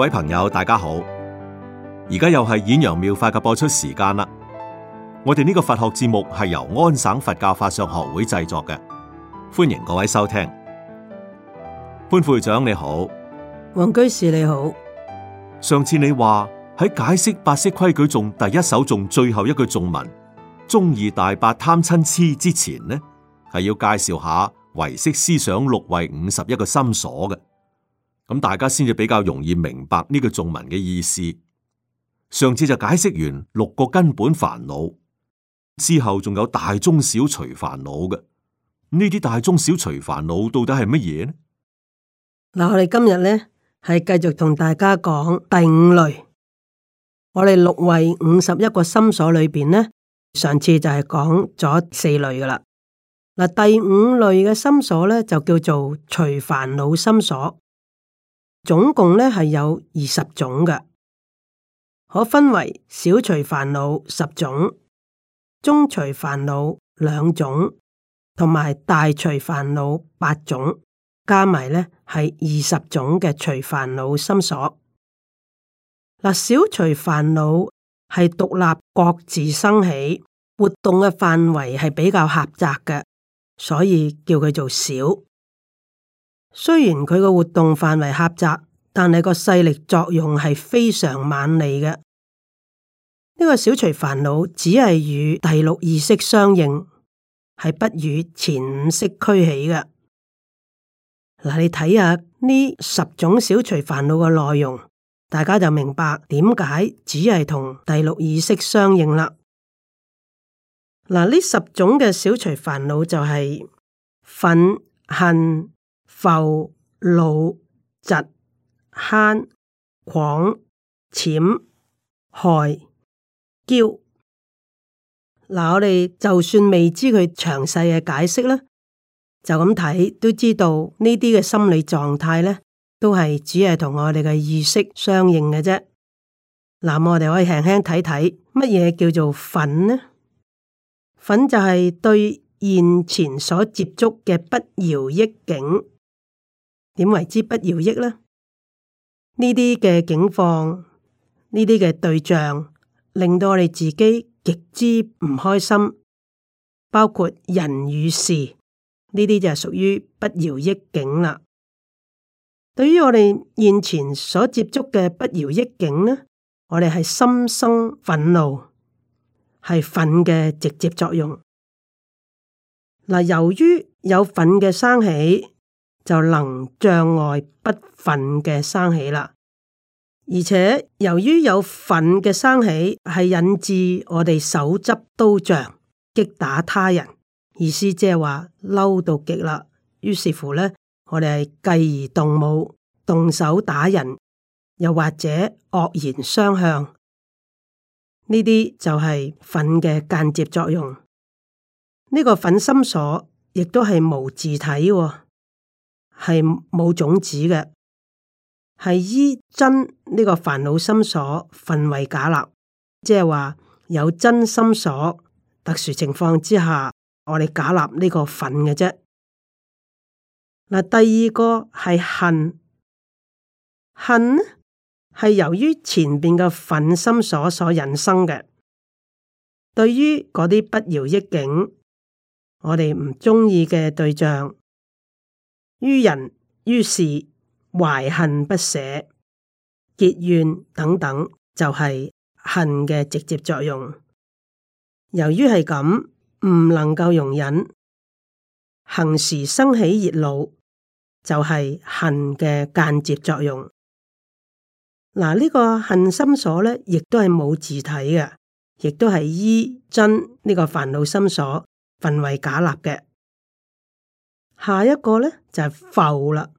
各位朋友，大家好！而家又係《演揚妙、妙法》嘅播出時間啦。我哋呢個佛學節目係由安省佛教法相學會製作嘅，歡迎各位收聽。潘副會長你好，黃居士你好。上次你話喺解釋《八識規矩頌》第一首頌最後一句頌文“中二大八貪瞋痴”之前呢，係要介紹下唯識思想六位五十一個心所嘅。咁大家先至比較容易明白呢個頌文嘅意思。上次就解釋完六個根本煩惱，之後仲有大中小隨煩惱嘅。呢啲大中小隨煩惱到底係乜嘢呢？嗱，我哋今日咧係繼續同大家講第五類。我哋六位五十一個心所裏邊咧，上次就係講咗四類噶啦。嗱，第五類嘅心所咧就叫做隨煩惱心所。總共咧係有二十種嘅，可分為小隨煩惱十種、中隨煩惱兩種，同埋大隨煩惱八種，加埋咧係二十種嘅隨煩惱心所。嗱，小隨煩惱係獨立各自生起，活動嘅範圍係比較狹窄嘅，所以叫佢做小。雖然佢個活動範圍狹窄，但係個勢力作用係非常猛利嘅。呢、這個小隨煩惱只係與第六意識相應，係不與前五識俱起嘅。嗱、呃，你睇下呢十種小隨煩惱嘅內容，大家就明白點解只係同第六意識相應啦。嗱、呃，呢十種嘅小隨煩惱就係忿恨、覆、惱、嫉、慳、誑、諂、害、憍。嗱，我哋就算未知佢詳細嘅解釋啦，就咁睇都知道呢啲嘅心理狀態咧，都係只係同我哋嘅意識相應嘅啫。嗱，我哋可以輕輕睇睇，乜嘢叫做忿呢？忿就係對現前所接觸嘅不饒益境，點為之不饒益呢？呢啲嘅境況，呢啲嘅對象，令到我哋自己極之唔開心，包括人與事呢啲就係屬於不饒益境啦。對於我哋現前所接觸嘅不饒益境呢，我哋係心生憤怒，係憤嘅直接作用。嗱，由於有憤嘅生起，就能障礙不忿嘅生起啦，而且由於有忿嘅生起，係引致我哋手執刀杖擊打他人，意思即係話嬲到極啦。於是乎呢，我哋係繼而動武，動手打人，又或者惡言相向，呢啲就係忿嘅間接作用。呢個忿心所亦都係無自體哦。係冇種子嘅，係依瞋呢個煩惱心所分為假立，即係話有瞋心所，特殊情況之下，我哋假立呢個分嘅啫。嗱，第二個係恨，恨呢係由於前邊嘅忿心所所引生嘅。對於嗰啲不饒益境，我哋唔中意嘅對象。於人於事懷恨不捨、結怨等等，就係、是、恨嘅直接作用。由於係咁，唔能夠容忍，恨時生起熱惱，就係、是、恨嘅間接作用。嗱，呢個恨心所咧，亦都係冇自體嘅，亦都係依真呢個煩惱心所分為假立嘅。下一個呢，就係、是、覆啦，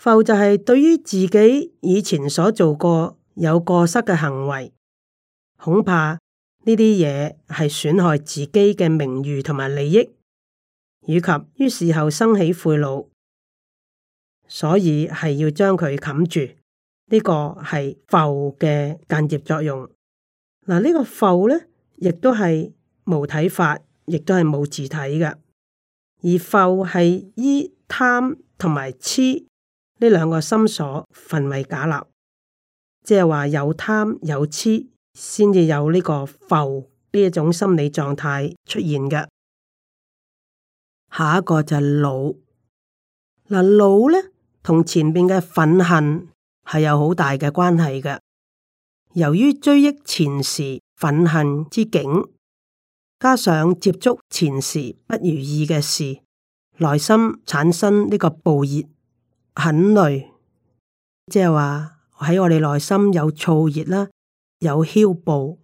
覆就係對於自己以前所做過有過失嘅行為，恐怕呢啲嘢係損害自己嘅名譽同埋利益，以及於事後生起悔惱，所以係要將佢冚住。呢、這個係覆嘅間接作用。嗱，呢個覆呢，亦都係冇體法，亦都係冇自體嘅。而覆係依貪同埋癡呢兩個心所分為假立，即係話有貪有癡，先至有呢個覆呢一種心理狀態出現嘅。下一個就係惱。嗱，惱咧同前邊嘅憤恨係有好大嘅關係嘅，由於追憶前時憤恨之境，加上接觸前時不如意嘅事，內心產生呢個暴熱、很累，即係話喺我哋內心有燥熱啦，有囂暴、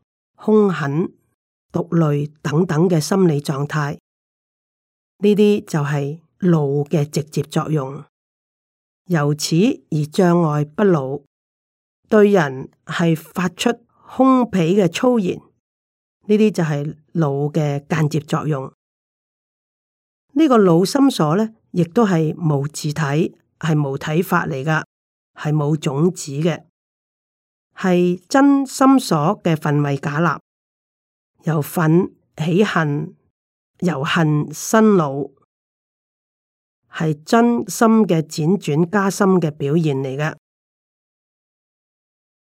凶狠、毒累等等嘅心理狀態，呢啲就係怒嘅直接作用。由此而障礙不怒，對人係發出空脾嘅粗言，呢啲就係、是。惱嘅間接作用，呢、這個惱心所咧，亦都係無自體，係無體法嚟噶，係冇種子嘅，係瞋心所嘅分位假立，由忿起恨，由恨生惱，係瞋心嘅輾轉加深嘅表現嚟噶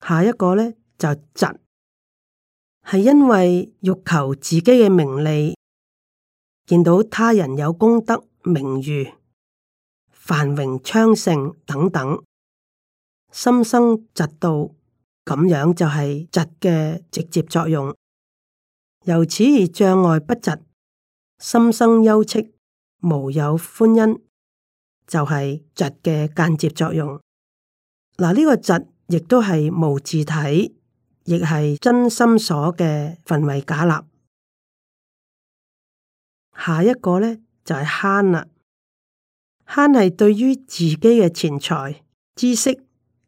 下一個咧就嫉、是。係因為欲求自己嘅名利，見到他人有功德、名譽、繁榮昌盛等等，心生嫉妒，咁樣就係嫉嘅直接作用。由此而障礙不嫉，心生憂慼，無有歡欣，就係、是、嫉嘅間接作用。嗱，呢、這個嫉亦都係無自體。亦係真心所嘅分位假立，下一個呢就係慳啦。慳係對於自己嘅錢財、知識，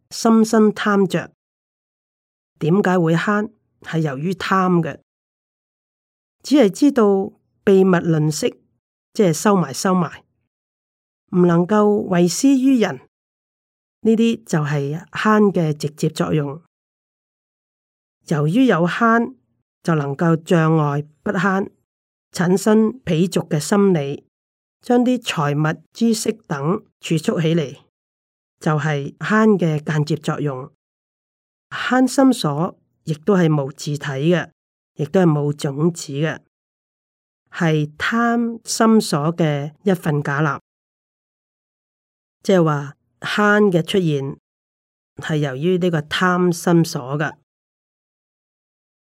深深貪着。點解會慳？係由於貪嘅，只係知道秘密吝嗇，即係收埋收埋，唔能夠為施於人。呢啲就係慳嘅直接作用。由於有慳就能夠障礙不慳，產生鄙俗嘅心理，將啲財物、知識等儲蓄起嚟，就係慳嘅間接作用。慳心所亦都係無自體嘅，亦都係冇種子嘅，係貪心所嘅一份假立。即係話慳嘅出現係由於呢個貪心所嘅。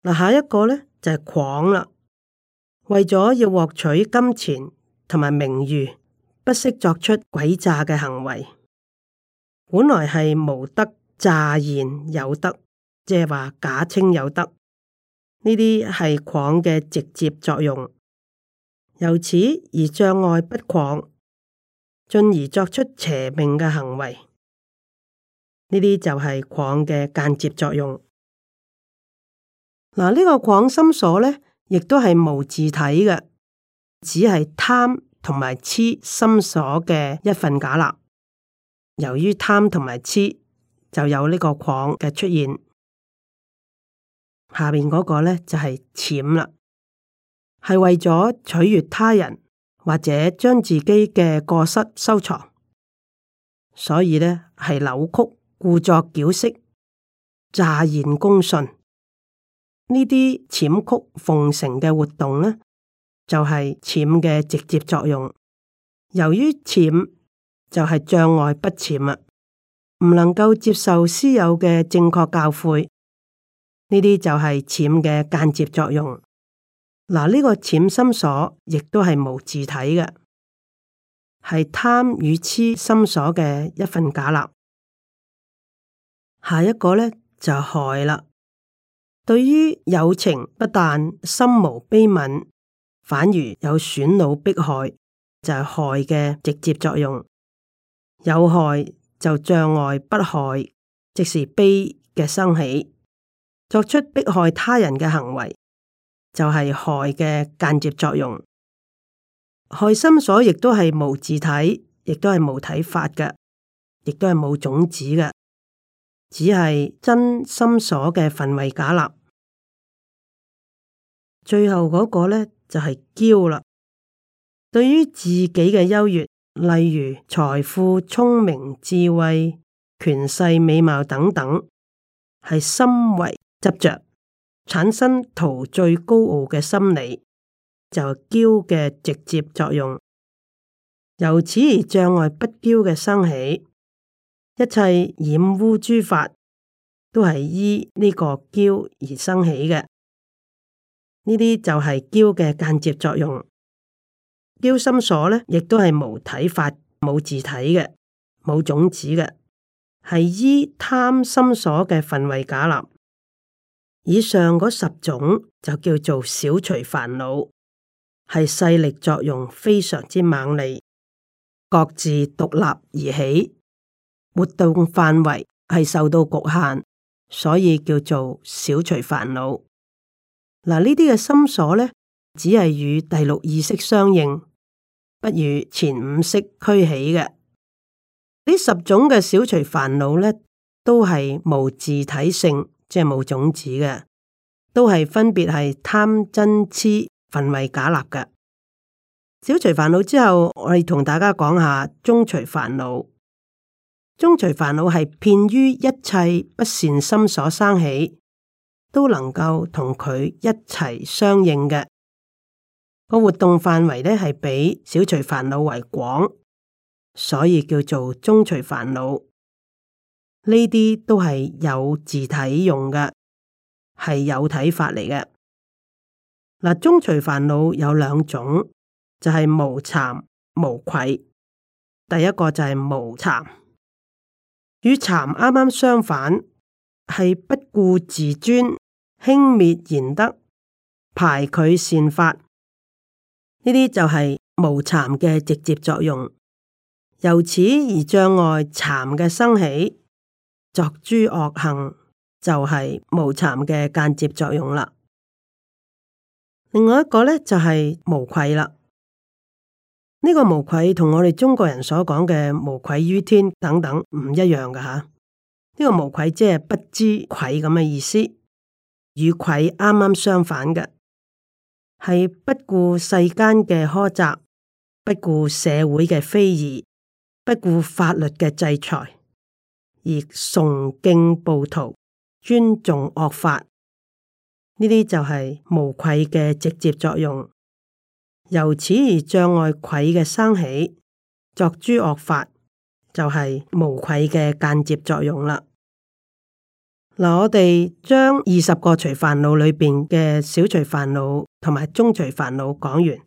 嗱，下一個咧就係、是、狂啦。為咗要獲取金錢同埋名譽，不惜作出詭詐嘅行為。本來係無德詐言有德，即係話假稱有德，呢啲係狂嘅直接作用。由此而障礙不狂，進而作出邪命嘅行為，呢啲就係狂嘅間接作用。嗱，呢個誑心所咧，亦都係無自體嘅，只係貪同埋癡心所嘅一分假立。由於貪同埋痴，就有呢個誑嘅出現。下邊嗰個咧就係諂啦，係為咗取悅他人或者將自己嘅過失收藏，所以咧係扭曲、故作矯飾、詐言公信。呢啲諂曲奉承嘅活動呢，就係諂嘅直接作用。由於諂就係、是、障礙不諂啊，唔能夠接受師友嘅正確教誨，呢啲就係諂嘅間接作用。嗱，呢個諂心所亦都係無自體嘅，係貪與痴心所嘅一份假立。下一個咧就係害啦。對於友情不但心無悲憫，反而有損惱迫害，就係、是、害嘅直接作用。有害就障礙不害，即是悲嘅生起。作出迫害他人嘅行為，就係、是、害嘅間接作用。害心所亦都係無自體，亦都係無體法嘅，亦都係冇種子嘅，只係真心所嘅分位假立。最後嗰個呢，就係驕啦，對於自己嘅優越，例如財富、聰明、智慧、權勢、美貌等等，係深為執着，產生陶醉高傲嘅心理，就係驕嘅直接作用。由此而障礙不驕嘅生起，一切染污諸法都係依呢個驕而生起嘅。呢啲就係驕嘅間接作用，驕心所咧亦都係無體法，冇自體嘅，冇種子嘅，係依貪心所嘅分位假立。以上嗰十種就叫做小隨煩惱，係勢力作用非常之猛烈，各自獨立而起，活動範圍係受到局限，所以叫做小隨煩惱。嗱，呢啲嘅心所咧，只係與第六意識相應，不與前五識俱起嘅。呢十種嘅小隨煩惱咧，都係無自體性，即係冇種子嘅，都係分別係貪、瞋、癡、分位假立嘅。小隨煩惱之後，我哋同大家講下中隨煩惱。中隨煩惱係遍於一切不善心所生起，都能夠同佢一齊相應嘅個活動範圍咧，係比小隨煩惱為廣，所以叫做中隨煩惱。呢啲都係有自體用嘅，係有體法嚟嘅。嗱，中隨煩惱有兩種，就係、是、無慚無愧。第一個就係無慚，與慚啱啱相反，係不顧自尊。輕蔑賢德，排拒善法，呢啲就係無慚嘅直接作用。由此而障礙慚嘅生起，作諸惡行就係、是、無慚嘅間接作用啦。另外一個呢，就係、是、無愧啦。呢、這個無愧同我哋中國人所講嘅無愧於天等等唔一樣嘅吓。呢、這個無愧即係不知愧咁嘅意思。與愧啱啱相反嘅，係不顧世間嘅苛責，不顧社會嘅非議，不顧法律嘅制裁，而崇敬暴徒，尊重惡法，呢啲就係無愧嘅直接作用，由此而障礙愧嘅生起，作諸惡法就係無愧嘅間接作用啦。嗱，我哋將二十個隨煩惱裏邊嘅小隨煩惱同埋中隨煩惱講完，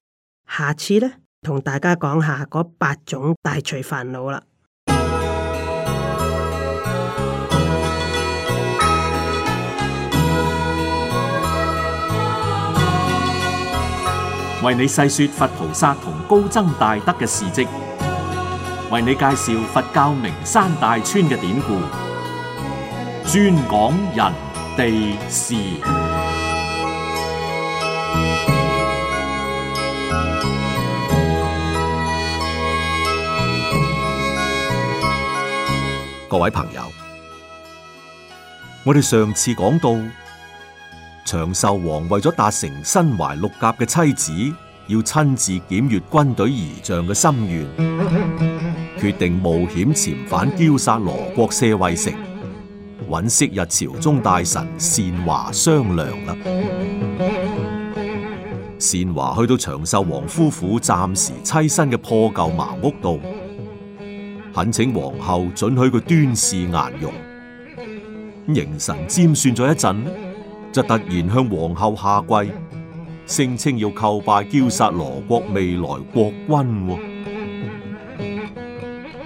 下次呢，同大家講下嗰八種大隨煩惱啦。為你細說佛菩薩同高僧大德嘅事跡，為你介紹佛教名山大川嘅典故。專講人哋事，各位朋友，我哋上次講到，長壽王為咗達成身懷六甲嘅妻子要親自檢閱軍隊儀仗嘅心願，決定冒險潛返，憍薩羅國舍衛城。揾昔日朝中大臣善華商量啦。善華去到長壽王夫婦暫時棲身嘅破舊茅屋度，懇請皇后准許佢端視顏容。凝神占算咗一陣，就突然向皇后下跪，聲稱要叩拜憍薩羅國未來國君。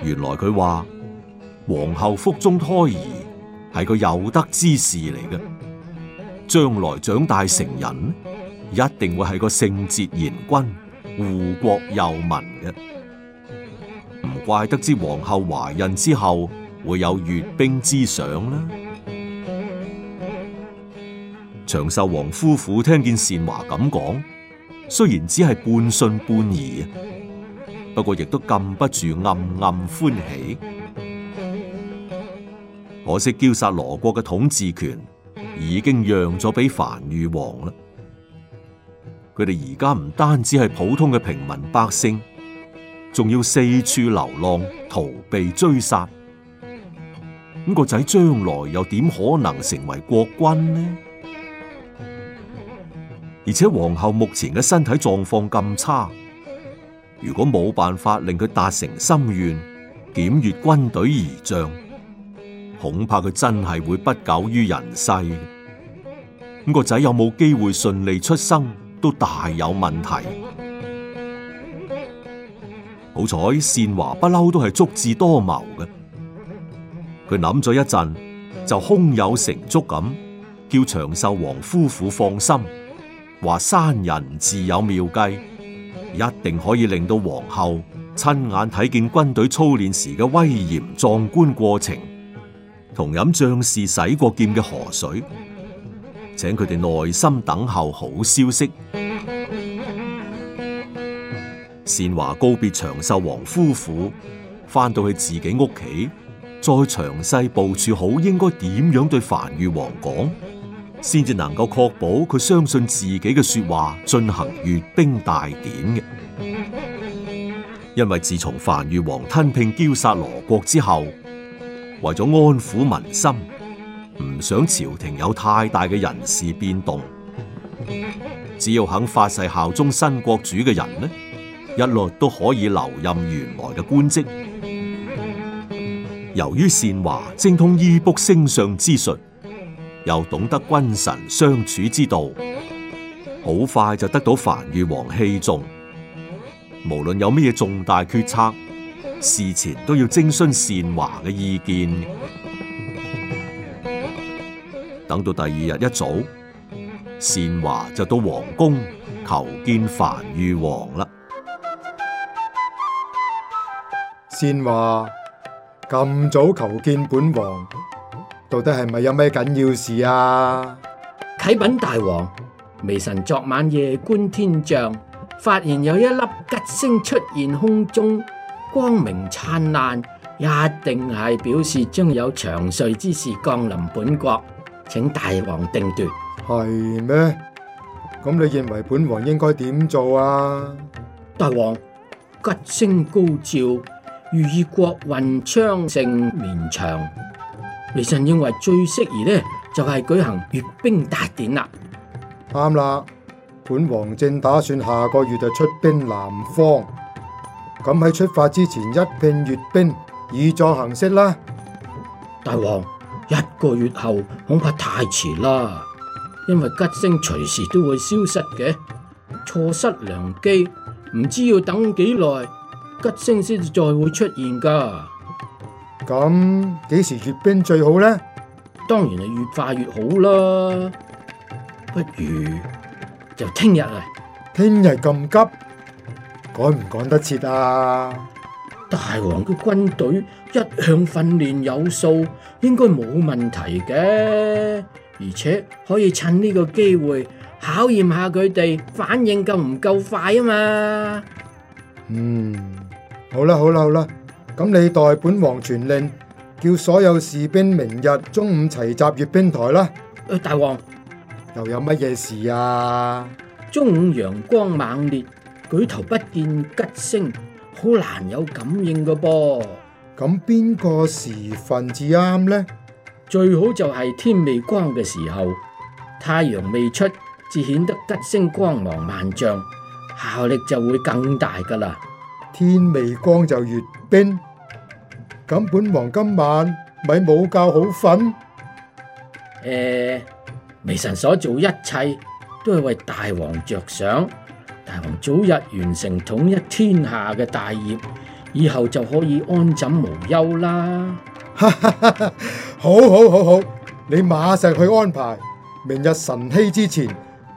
原來佢話皇后腹中胎兒。係個有德之士嚟嘅，將來長大成人，一定會係個聖哲賢君，護國佑民嘅。唔怪得知皇后懷孕之後會有閱兵之想啦。長壽王夫婦聽見善華咁講，雖然只係半信半疑，不過亦都禁不住暗暗歡喜。可惜，焦殺羅國嘅統治權已經讓咗俾樊裕王啦。佢哋而家唔單止係普通嘅平民百姓，仲要四處流浪，逃避追殺。咁、那個仔將來又點可能成為國君呢？而且皇后目前嘅身體狀況咁差，如果冇辦法令佢達成心願，檢閱軍隊儀仗。恐怕佢真係會不久於人世，咁個仔有冇機會順利出生都大有問題。好彩善華不嬲都係足智多謀嘅，佢諗咗一陣就胸有成竹咁叫長壽王夫婦放心，話山人自有妙計，一定可以令到皇后親眼睇見軍隊操練時嘅威嚴壯觀過程。同飲將士洗過劍嘅河水，請佢哋耐心等候好消息。善華告別長壽王夫婦，翻到去自己屋企，再詳細部署好應該點樣對梵豫王講，先至能夠確保佢相信自己嘅説話，進行閲兵大典嘅。因為自從梵豫王吞併憍薩羅國之後，為咗安撫民心，唔想朝廷有太大嘅人事變動，只要肯發誓效忠新國主嘅人呢，一律都可以留任原來嘅官職。由於善華精通醫卜星相之術，又懂得君臣相處之道，好快就得到梵豫王器重。無論有咩重大決策。事前都要徵詢善華嘅意見，等到第二日一早，善華就到皇宮求見梵豫王啦。善華咁早求見本王，到底係咪有咩緊要事啊？啟稟大王，微臣昨晚夜觀天象，發現有一粒吉星出現空中。光明燦爛，一定係表示將有祥瑞之事降臨本國，請大王定奪。係咩？咁你認為本王應該點做啊？大王吉星高照，寓意國運昌盛綿長。微臣認為最適宜呢，就係、是、舉行閱兵大典啦。啱啦，本王正打算下個月就出兵南方。咁喺出發之前一片閱兵以作行色啦。大王，一個月後恐怕太遲啦，因為吉星隨時都會消失嘅，錯失良機，唔知要等幾耐，吉星先至再會出現噶。咁幾時閱兵最好呢？當然係越快越好啦。不如就聽日嚟，聽日咁急。趕唔趕得切啊？大王個軍隊一向訓練有素，應該冇問題嘅。而且可以趁呢個機會考驗下佢哋反應夠唔夠快啊嘛。嗯，好啦好啦好啦，咁你代本王傳令，叫所有士兵明日中午齊集閱兵台啦。大王，又有乜嘢事啊？中午陽光猛烈，舉頭不見吉星，好難有感應噶噃。咁邊個時分至啱呢？最好就係天未光嘅時候，太陽未出，至顯得吉星光芒萬丈，效力就會更大噶啦。天未光就閱兵，咁本王今晚咪冇覺好瞓。誒、欸，微臣所做一切都係為大王着想。大王早日完成統一天下嘅大業，以後就可以安枕無憂啦！好 好好好，你馬上去安排，明日晨曦之前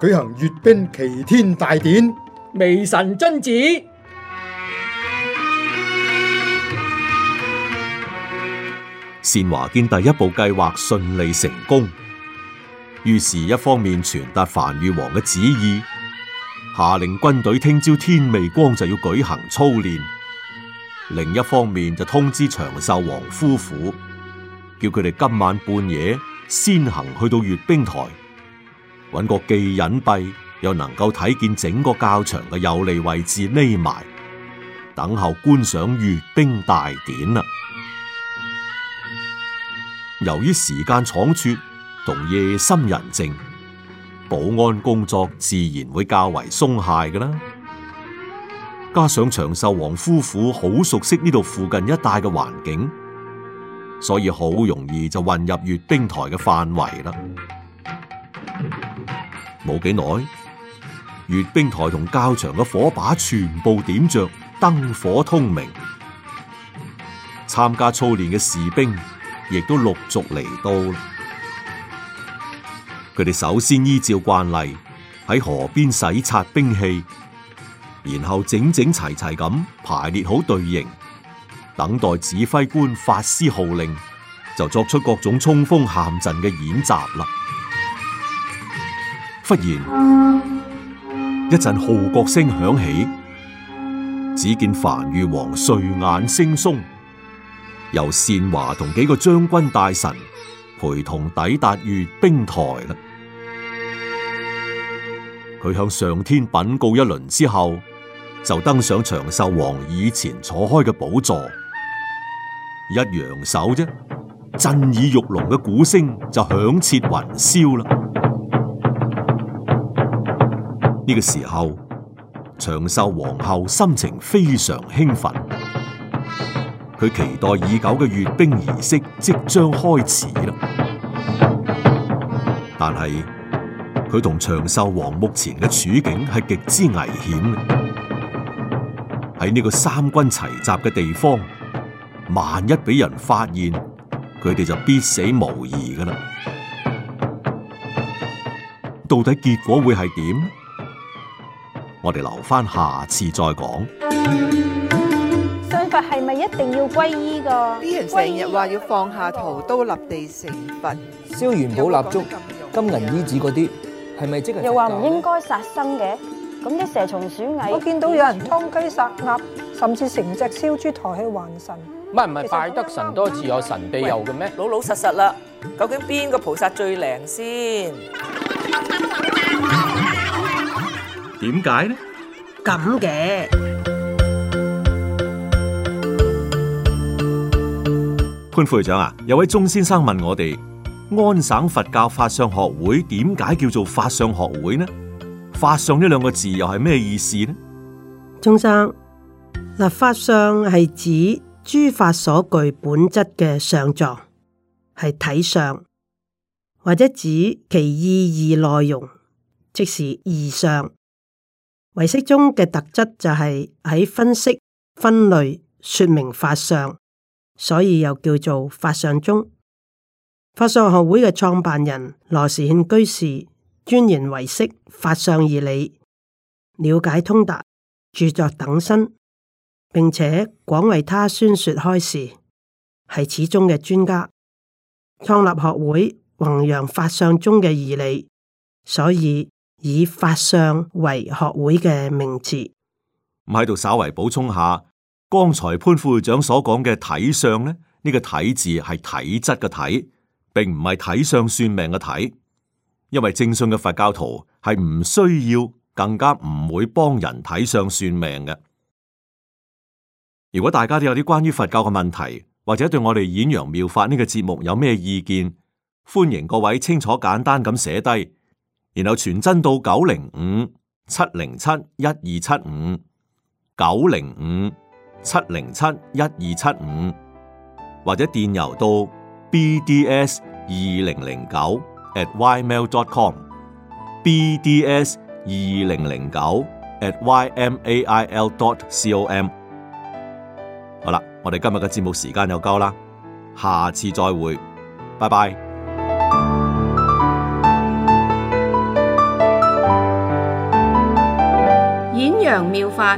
舉行閱兵祈天大典。微臣遵旨。善華見第一步計劃順利成功，於是，一方面傳達梵豫王嘅旨意。下令軍隊聽朝天未光就要舉行操練，另一方面就通知長壽王夫婦，叫佢哋今晚半夜先行去到閱兵台，揾個既隱蔽又能夠睇見整個教場嘅有利位置匿埋，等候觀賞閱兵大典啦。由於時間倉促同夜深人靜。保安工作自然會較為鬆懈嘅啦，加上長壽王夫婦好熟悉呢度附近一帶嘅環境，所以好容易就混入閱兵台嘅範圍啦。冇幾耐，閱兵台同較場嘅火把全部點着，燈火通明，參加操練嘅士兵亦都陸續嚟到。佢哋首先依照慣例喺河邊洗刷兵器，然後整整齊齊咁排列好隊形，等待指揮官發施號令，就作出各種衝鋒陷陣嘅演習啦。忽然一陣號角聲響起，只見梵豫王睡眼惺忪，由善華同幾個將軍大臣，陪同抵達閱兵台啦，佢向上天稟告一輪之後，就登上長壽王以前坐開嘅寶座，一揚手啫，震耳欲聾嘅鼓聲就響徹雲霄啦。呢、這個時候，長壽皇后心情非常興奮。佢期待已久嘅閱兵儀式即將開始啦，但係佢同長壽王目前嘅處境係極之危險嘅。喺呢個三軍齊集嘅地方，萬一俾人發現，佢哋就必死無疑㗎喇。到底結果會係點？我哋留翻，下次再講。係咪一定要皈依噶？成日話要放下屠刀立地成佛，燒元寶蠟燭、金銀衣紙嗰啲，係咪即係？又話唔應該殺生嘅，咁啲蛇蟲鼠蟻，我見到有人劏雞殺鴨，甚至成隻燒豬抬去還神。唔係唔係，拜得神多自有神庇佑嘅咩？老老實實啦，究竟邊個菩薩最靈先？點解呢？咁嘅。潘副會長啊，有位鐘先生問我哋，安省佛教法相學會點解叫做法相學會呢？法相呢兩個字又係咩意思呢？鐘生，立法相係指諸法所具本質嘅相狀，係體相，或者指其意義內容，即是義相。唯識中嘅特質就係喺分析、分類、說明法相。所以又叫做法相宗。法相學會嘅創辦人羅時憲居士，專研唯識法相義理，了解通達，著作等身，並且廣為他宣說開示，係始終嘅專家。創立學會弘揚法相宗嘅義理，所以以法相為學會嘅名詞。咁喺度稍為補充下。剛才潘副會長所講嘅體相呢？呢、呢個體字係體質嘅體，並唔係體相算命嘅體。因為正信嘅佛教徒係唔需要，更加唔會幫人體相算命嘅。如果大家都有啲關於佛教嘅問題，或者對我哋演揚妙法呢個節目有咩意見，歡迎各位清楚簡單咁寫低，然後傳真到九零五七零七一二七五九零五。七零七一二七五，75，或者電郵到 bds 二零零九 at ymail.com，bds 二零零九 at ymail.com。好啦，我哋今日嘅節目時間又夠啦，下次再會，拜拜。演揚妙法。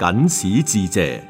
僅此致謝。